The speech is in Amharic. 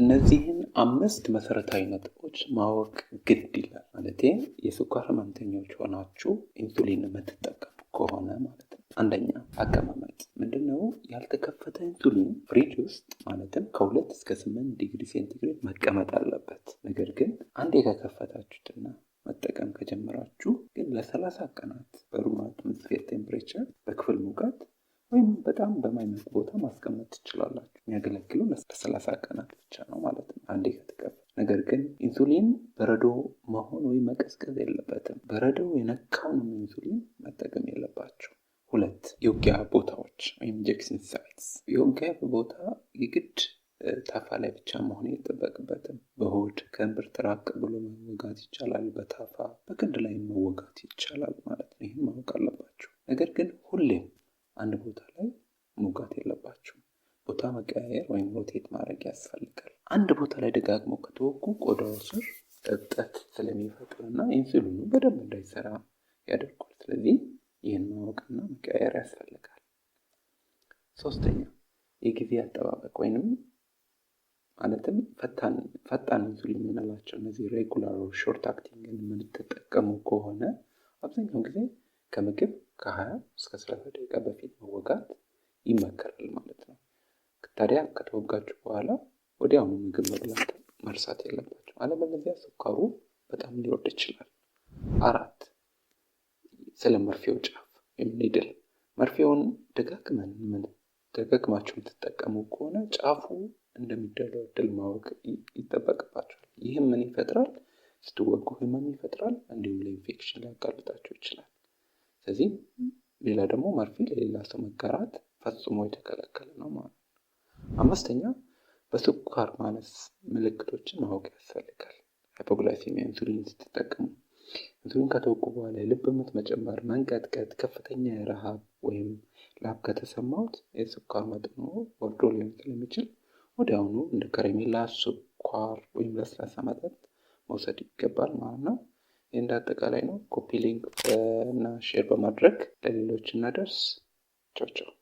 እነዚህን አምስት መሰረታዊ ነጥቦች ማወቅ ግድ ይላል። ማለት የስኳር ህመምተኞች ሆናችሁ ኢንሱሊን የምትጠቀሙ ከሆነ ማለት ነው። አንደኛ አቀማመጥ ምንድነው? ያልተከፈተ ኢንሱሊን ፍሪጅ ውስጥ ማለትም ከሁለት እስከ ስምንት ዲግሪ ሴንቲግሬድ መቀመጥ አለበት። ነገር ግን አንድ የተከፈታችሁትና መጠቀም ከጀመራችሁ ግን ለሰላሳ ቀናት በሩም አትሞስፌር ቴምፕሬቸር በክፍል ሙቀት ወይም በጣም በማይሞቅ ቦታ ማስቀመጥ ትችላላችሁ። የሚያገለግሉ ለሰላሳ ቀናት ኢንሱሊን በረዶ መሆን ወይም መቀዝቀዝ የለበትም። በረዶ የነካውንም ኢንሱሊን መጠቀም የለባቸው። ሁለት የውጊያ ቦታዎች ጀክሲን ሳይትስ፣ የውጊያ ቦታ የግድ ታፋ ላይ ብቻ መሆን የጠበቅበትም። በሆድ ከእምብርት ራቅ ብሎ መወጋት ይቻላል። በታፋ በክንድ ላይ መወጋት ይቻላል ማለት ነው። ይህም ማወቅ አለባቸው። ነገር ግን ሁሌም አንድ ቦታ ላይ መውጋት የለባቸው። ቦታ መቀያየር ወይም ሮቴት ማድረግ ያስፈልጋል። አንድ ቦታ ላይ ደጋግሞ ከተወጉ ቆዳው ስር እብጠት ስለሚፈጥርና ኢንሱሊኑ በደንብ እንዳይሰራ ያደርጓል። ስለዚህ ይህን ማወቅና መቀያየር ያስፈልጋል። ሶስተኛ የጊዜ አጠባበቅ ወይንም ማለትም ፈጣን ኢንሱሊን የምንላቸው እነዚህ ሬጉላር ሾርት አክቲንግን የምንጠቀሙ ከሆነ አብዛኛውን ጊዜ ከምግብ ከ20 እስከ 30 ደቂቃ በፊት መወጋት ይመከራል ማለት ነው። ታዲያ ከተወጋችሁ በኋላ ወዲያውኑ ምግብ መብላት መርሳት የለባቸው፣ አለበለዚያ ስኳሩ በጣም ሊወድ ይችላል። አራት ስለ መርፌው ጫፍ የምንድል መርፌውን ደጋግመን ደጋግማችሁ የምትጠቀሙ ከሆነ ጫፉ እንደሚደለድል ማወቅ ይጠበቅባቸዋል። ይህም ምን ይፈጥራል? ስትወጉ ህመም ይፈጥራል፣ እንዲሁም ለኢንፌክሽን ሊያጋልጣቸው ይችላል። ስለዚህ ሌላ ደግሞ መርፌ ለሌላ ሰው መጋራት ፈጽሞ የተከለከለ አምስተኛ በስኳር ማነስ ምልክቶችን ማወቅ ያስፈልጋል። ሃይፖግላይሴሚያ ኢንሱሊን ስትጠቀሙ ኢንሱሊን ከተወቁ በኋላ የልብ ምት መጨመር፣ መንቀጥቀጥ፣ ከፍተኛ የረሃብ ወይም ላብ ከተሰማሁት የስኳር መጥኖ ወርዶ ሊሆን ስለሚችል ወዲያውኑ እንደ ከረሜላ፣ ስኳር ወይም ለስላሳ መጠጥ መውሰድ ይገባል ማለት ነው። ይህ እንደ አጠቃላይ ነው። ኮፒ ሊንክ እና ሼር በማድረግ ለሌሎች እናደርስ። ቻው